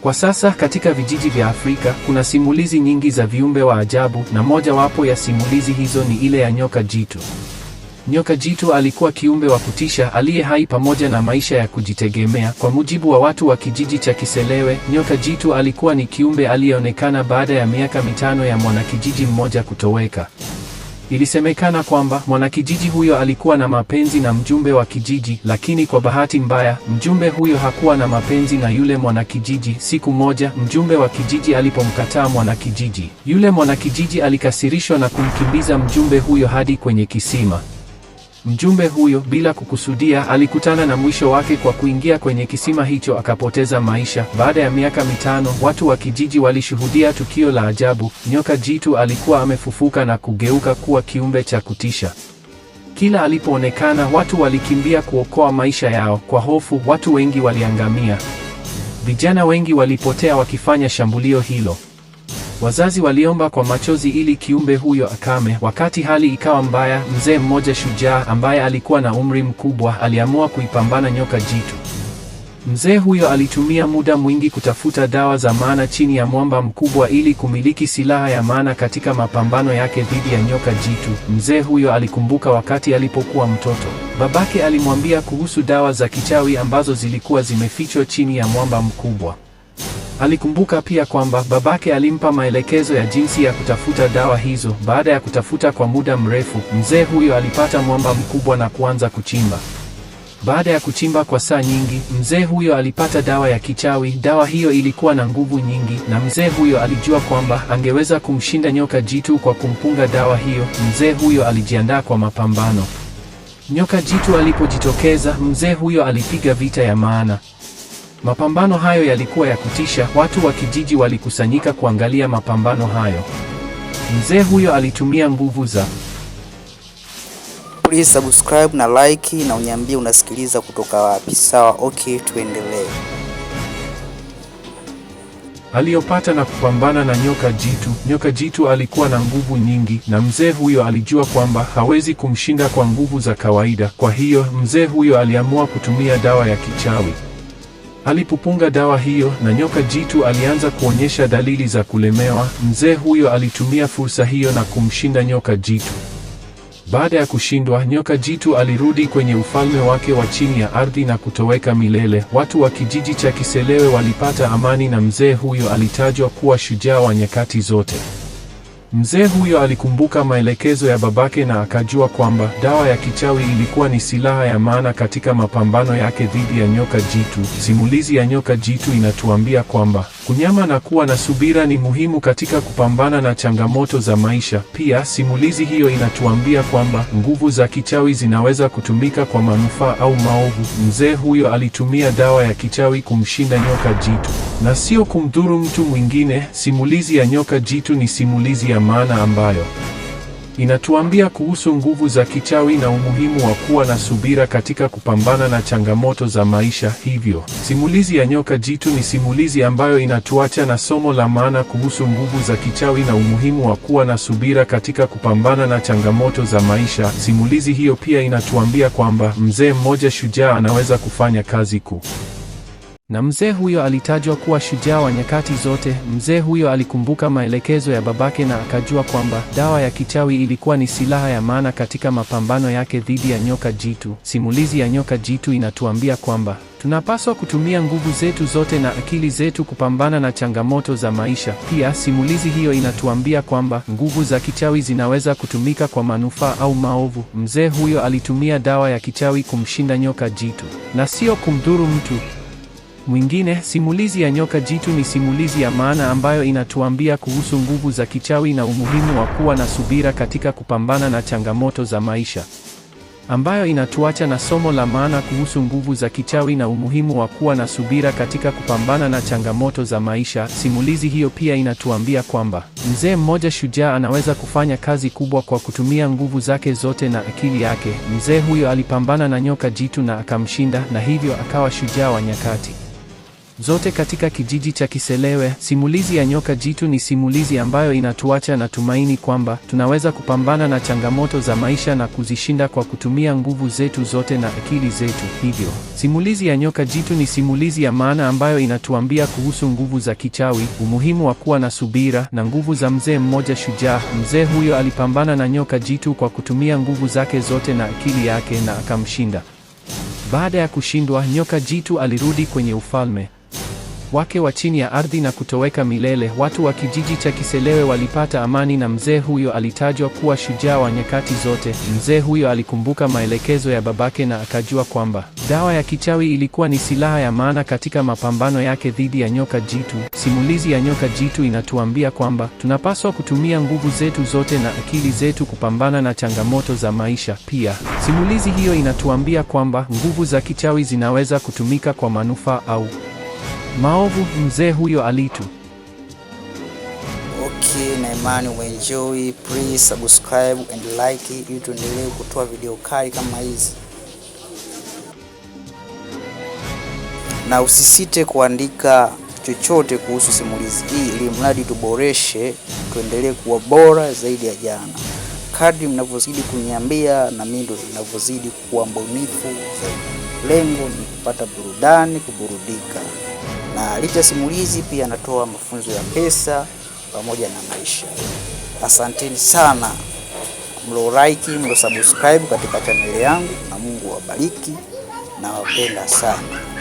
Kwa sasa katika vijiji vya Afrika kuna simulizi nyingi za viumbe wa ajabu na mojawapo ya simulizi hizo ni ile ya nyoka jitu. Nyoka jitu alikuwa kiumbe wa kutisha aliye hai pamoja na maisha ya kujitegemea. Kwa mujibu wa watu wa kijiji cha Kiselewe, nyoka jitu alikuwa ni kiumbe aliyeonekana baada ya miaka mitano ya mwanakijiji mmoja kutoweka. Ilisemekana kwamba mwanakijiji huyo alikuwa na mapenzi na mjumbe wa kijiji, lakini kwa bahati mbaya mjumbe huyo hakuwa na mapenzi na yule mwanakijiji. Siku moja mjumbe wa kijiji alipomkataa mwanakijiji, yule mwanakijiji alikasirishwa na kumkimbiza mjumbe huyo hadi kwenye kisima. Mjumbe huyo bila kukusudia alikutana na mwisho wake kwa kuingia kwenye kisima hicho akapoteza maisha. Baada ya miaka mitano, watu wa kijiji walishuhudia tukio la ajabu. Nyoka Jitu alikuwa amefufuka na kugeuka kuwa kiumbe cha kutisha. Kila alipoonekana, watu walikimbia kuokoa maisha yao. Kwa hofu, watu wengi waliangamia. Vijana wengi walipotea wakifanya shambulio hilo. Wazazi waliomba kwa machozi ili kiumbe huyo akame. Wakati hali ikawa mbaya, mzee mmoja shujaa ambaye alikuwa na umri mkubwa aliamua kuipambana nyoka jitu. Mzee huyo alitumia muda mwingi kutafuta dawa za maana chini ya mwamba mkubwa ili kumiliki silaha ya maana katika mapambano yake dhidi ya nyoka jitu. Mzee huyo alikumbuka wakati alipokuwa mtoto, babake alimwambia kuhusu dawa za kichawi ambazo zilikuwa zimefichwa chini ya mwamba mkubwa. Alikumbuka pia kwamba babake alimpa maelekezo ya jinsi ya kutafuta dawa hizo. Baada ya kutafuta kwa muda mrefu, mzee huyo alipata mwamba mkubwa na kuanza kuchimba. Baada ya kuchimba kwa saa nyingi, mzee huyo alipata dawa ya kichawi. Dawa hiyo ilikuwa na nguvu nyingi, na mzee huyo alijua kwamba angeweza kumshinda nyoka jitu kwa kumpunga dawa hiyo. Mzee huyo alijiandaa kwa mapambano. Nyoka jitu alipojitokeza, mzee huyo alipiga vita ya maana. Mapambano hayo yalikuwa ya kutisha, watu wa kijiji walikusanyika kuangalia mapambano hayo. Mzee huyo alitumia nguvu za Please subscribe na like na uniambie unasikiliza kutoka wapi. Sawa, okay, tuendelee. Aliyopata na kupambana na nyoka jitu. Nyoka jitu alikuwa na nguvu nyingi, na mzee huyo alijua kwamba hawezi kumshinda kwa nguvu za kawaida. Kwa hiyo mzee huyo aliamua kutumia dawa ya kichawi. Alipopunga dawa hiyo na nyoka jitu alianza kuonyesha dalili za kulemewa, mzee huyo alitumia fursa hiyo na kumshinda nyoka jitu. Baada ya kushindwa, nyoka jitu alirudi kwenye ufalme wake wa chini ya ardhi na kutoweka milele. Watu wa kijiji cha Kiselewe walipata amani na mzee huyo alitajwa kuwa shujaa wa nyakati zote. Mzee huyo alikumbuka maelekezo ya babake na akajua kwamba dawa ya kichawi ilikuwa ni silaha ya maana katika mapambano yake dhidi ya nyoka jitu. Simulizi ya nyoka jitu inatuambia kwamba Kunyama na kuwa na subira ni muhimu katika kupambana na changamoto za maisha. Pia simulizi hiyo inatuambia kwamba nguvu za kichawi zinaweza kutumika kwa manufaa au maovu. Mzee huyo alitumia dawa ya kichawi kumshinda nyoka jitu na sio kumdhuru mtu mwingine. Simulizi ya nyoka jitu ni simulizi ya maana ambayo inatuambia kuhusu nguvu za kichawi na umuhimu wa kuwa na subira katika kupambana na changamoto za maisha. Hivyo, simulizi ya Nyoka Jitu ni simulizi ambayo inatuacha na somo la maana kuhusu nguvu za kichawi na umuhimu wa kuwa na subira katika kupambana na changamoto za maisha. Simulizi hiyo pia inatuambia kwamba mzee mmoja shujaa anaweza kufanya kazi kuu na mzee huyo alitajwa kuwa shujaa wa nyakati zote. Mzee huyo alikumbuka maelekezo ya babake na akajua kwamba dawa ya kichawi ilikuwa ni silaha ya maana katika mapambano yake dhidi ya nyoka jitu. Simulizi ya nyoka jitu inatuambia kwamba tunapaswa kutumia nguvu zetu zote na akili zetu kupambana na changamoto za maisha. Pia simulizi hiyo inatuambia kwamba nguvu za kichawi zinaweza kutumika kwa manufaa au maovu. Mzee huyo alitumia dawa ya kichawi kumshinda nyoka jitu na sio kumdhuru mtu mwingine, simulizi ya Nyoka Jitu ni simulizi ya maana ambayo inatuambia kuhusu nguvu za kichawi na umuhimu wa kuwa na subira katika kupambana na changamoto za maisha, ambayo inatuacha na somo la maana kuhusu nguvu za kichawi na umuhimu wa kuwa na subira katika kupambana na changamoto za maisha. Simulizi hiyo pia inatuambia kwamba mzee mmoja shujaa anaweza kufanya kazi kubwa kwa kutumia nguvu zake zote na akili yake. Mzee huyo alipambana na nyoka jitu na akamshinda, na hivyo akawa shujaa wa nyakati zote katika kijiji cha Kiselewe. Simulizi ya Nyoka Jitu ni simulizi ambayo inatuacha na tumaini kwamba tunaweza kupambana na changamoto za maisha na kuzishinda kwa kutumia nguvu zetu zote na akili zetu. Hivyo, simulizi ya Nyoka Jitu ni simulizi ya maana ambayo inatuambia kuhusu nguvu za kichawi, umuhimu wa kuwa na subira na nguvu za mzee mmoja shujaa. Mzee huyo alipambana na Nyoka Jitu kwa kutumia nguvu zake zote na akili yake na akamshinda. Baada ya kushindwa, Nyoka Jitu alirudi kwenye ufalme wake wa chini ya ardhi na kutoweka milele. Watu wa kijiji cha Kiselewe walipata amani na mzee huyo alitajwa kuwa shujaa wa nyakati zote. Mzee huyo alikumbuka maelekezo ya babake na akajua kwamba dawa ya kichawi ilikuwa ni silaha ya maana katika mapambano yake dhidi ya nyoka jitu. Simulizi ya nyoka jitu inatuambia kwamba tunapaswa kutumia nguvu zetu zote na akili zetu kupambana na changamoto za maisha. Pia simulizi hiyo inatuambia kwamba nguvu za kichawi zinaweza kutumika kwa manufaa au maovu mzee huyo alitu. Okay, na imani uenjoy. Please subscribe and like ili tuendelee kutoa video kali kama hizi, na usisite kuandika chochote kuhusu simulizi hii, ili mradi tuboreshe, tuendelee kuwa bora zaidi ya jana. Kadri mnavyozidi kuniambia, na mimi ndo ninavyozidi kuwa mbunifu zaidi. Lengo ni kupata burudani, kuburudika na licha simulizi pia anatoa mafunzo ya pesa pamoja na maisha. Asanteni sana mlo like, mlo subscribe katika chaneli yangu, na Mungu awabariki na wapenda sana.